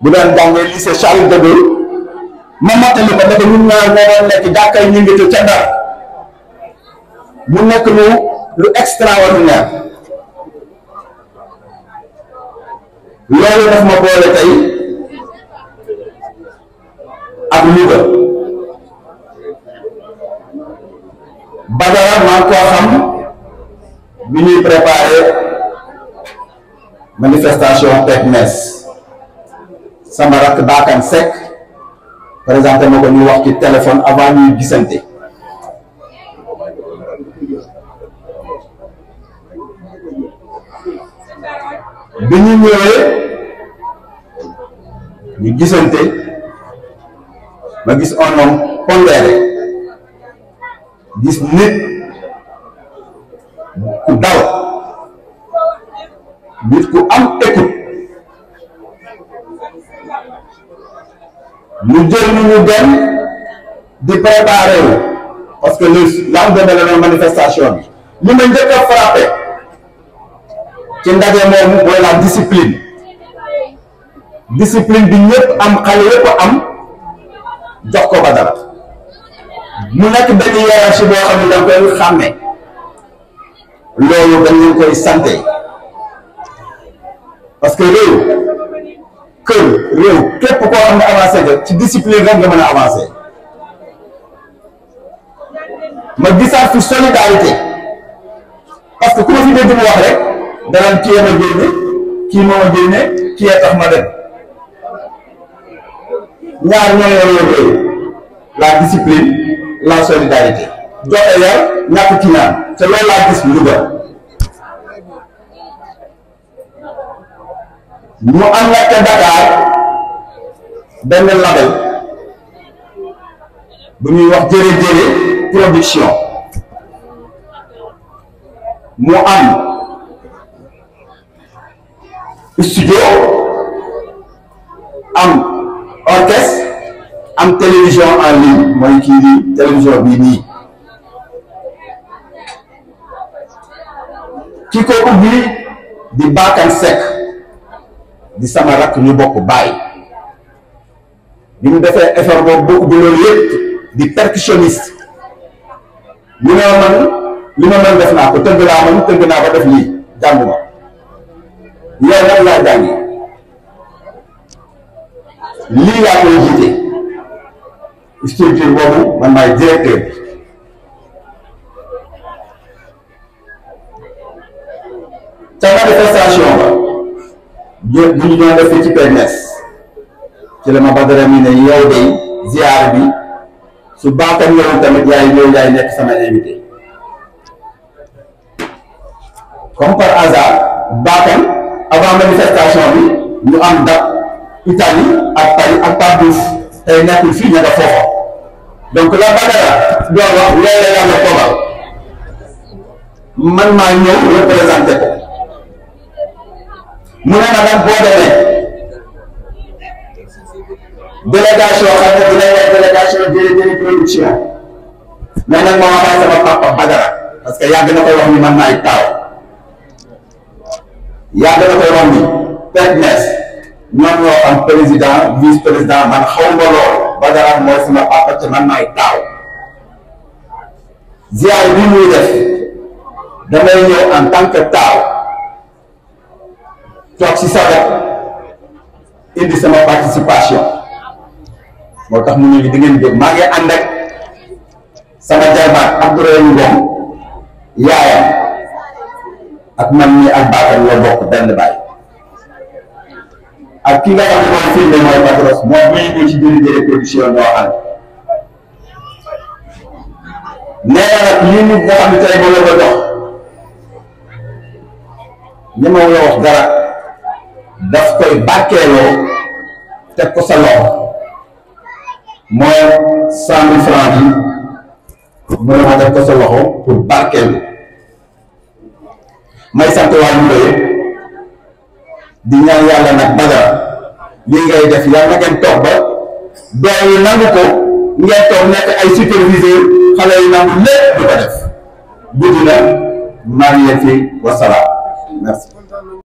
bu daan jàngee lycée Charles de Gaulle ma mottali dafa ñun ñaar ñoo nekk jàkkay ñu ca Ndar mu nekk lu lu extraordinaire loolu daf ma boole tey ak Louga Badara maa ngi koo xam bi ñuy préparé manifestation PECMES sama rakk Bakane Seck présenté ma ko ñu wax ci téléphone avant ñuy gisante bi ñu ñëwee ñu gisante ma gis un homme pondéré gis nit ku dal nit ku am écoute ñu jël ñu ñu dem di préparer wu parce que le lan demee la noonu manifestation bi ma njëkk frappé ci ndaje moomu mooy la discipline discipline bi ñëpp am xale yëpp am jox ko badal mu nekk benn hiérarchie boo xam ne da koy xàmme loolu dañ leen koy santé parce que réew kër réew képp koo xam ne avancé nga ci discipline rek nga mën a avancé ma gisaat fi solidarité parce que ku ma fi dégg mu wax rek danañ kii ma génne kii moo ma génne kii tax ma dem ñaar ñoo yor réew discipline la solidarité joxe yar ñàkk ci naan te loolu laa gis lu doon mu am nag ca Dakar benn label bu ñuy wax jëre jëre production mu am studio am orchestre am télévision en ligne mooy kii télévision bii nii ki ko ubbi di Bakane Seck di sama rakk ñu bokk baay bi mu defee effort boobu ba ubbi loolu yëpp di percussionniste li ma man li ma mën def naa ko tëgg laa man tëgg naa ko def lii jàng ma yow nag laa jàngi lii laa koy jiite structure boobu man maay directeur bi ca manifestation ba ñu ñu ñoo def ci PNS ci la ma nekk sama comme par hasard baatam avant manifestation bi ñu am dab Italie ak Paris ak Paris tey nekkul foofa donc la Badara doon wax loolu la la toogal man maa ñëw ko mu ne ma nag boo demee delegasyon xam ne dina nekk delegasyon jëri jëri production mais nag ma waxaat sama papa Badara parce que yàgg na koy wax ni man maay taaw yàgg na koy wax ni PECNES ñoom ñoo am président vice président man xaw ma lool Badara mooy sama papa te man maay taaw ziar bi ñuy def damay ñëw en tant que taaw toog si sa bopp indi sama participation motax mu ñu di ngeen jëm ma ngi ya, ànd ak sama jarbaat Abdourahim bon yaaya ak man ni ak baatam la bokk benn baay ak ki nga xam ne moom firnde mooy Patros moom mii ñu ci dirigé production ñoo xam nee na nag lii nit nga xam ne tey moom la ko dox ñu ma la wax dara daf koy bàkkeeloo teg ko sa loxo mooy cent mille yi mu ne ma ko sa loxo pour barkeel may sant waa Louga yëpp di ñaan yàlla nag Badara lii ngay def yàlla na ngeen toog ba doom yi nangu ko ngeen toog nekk ay superviseur xale yi nangu lépp du ko def gudd na marié fi wasalaam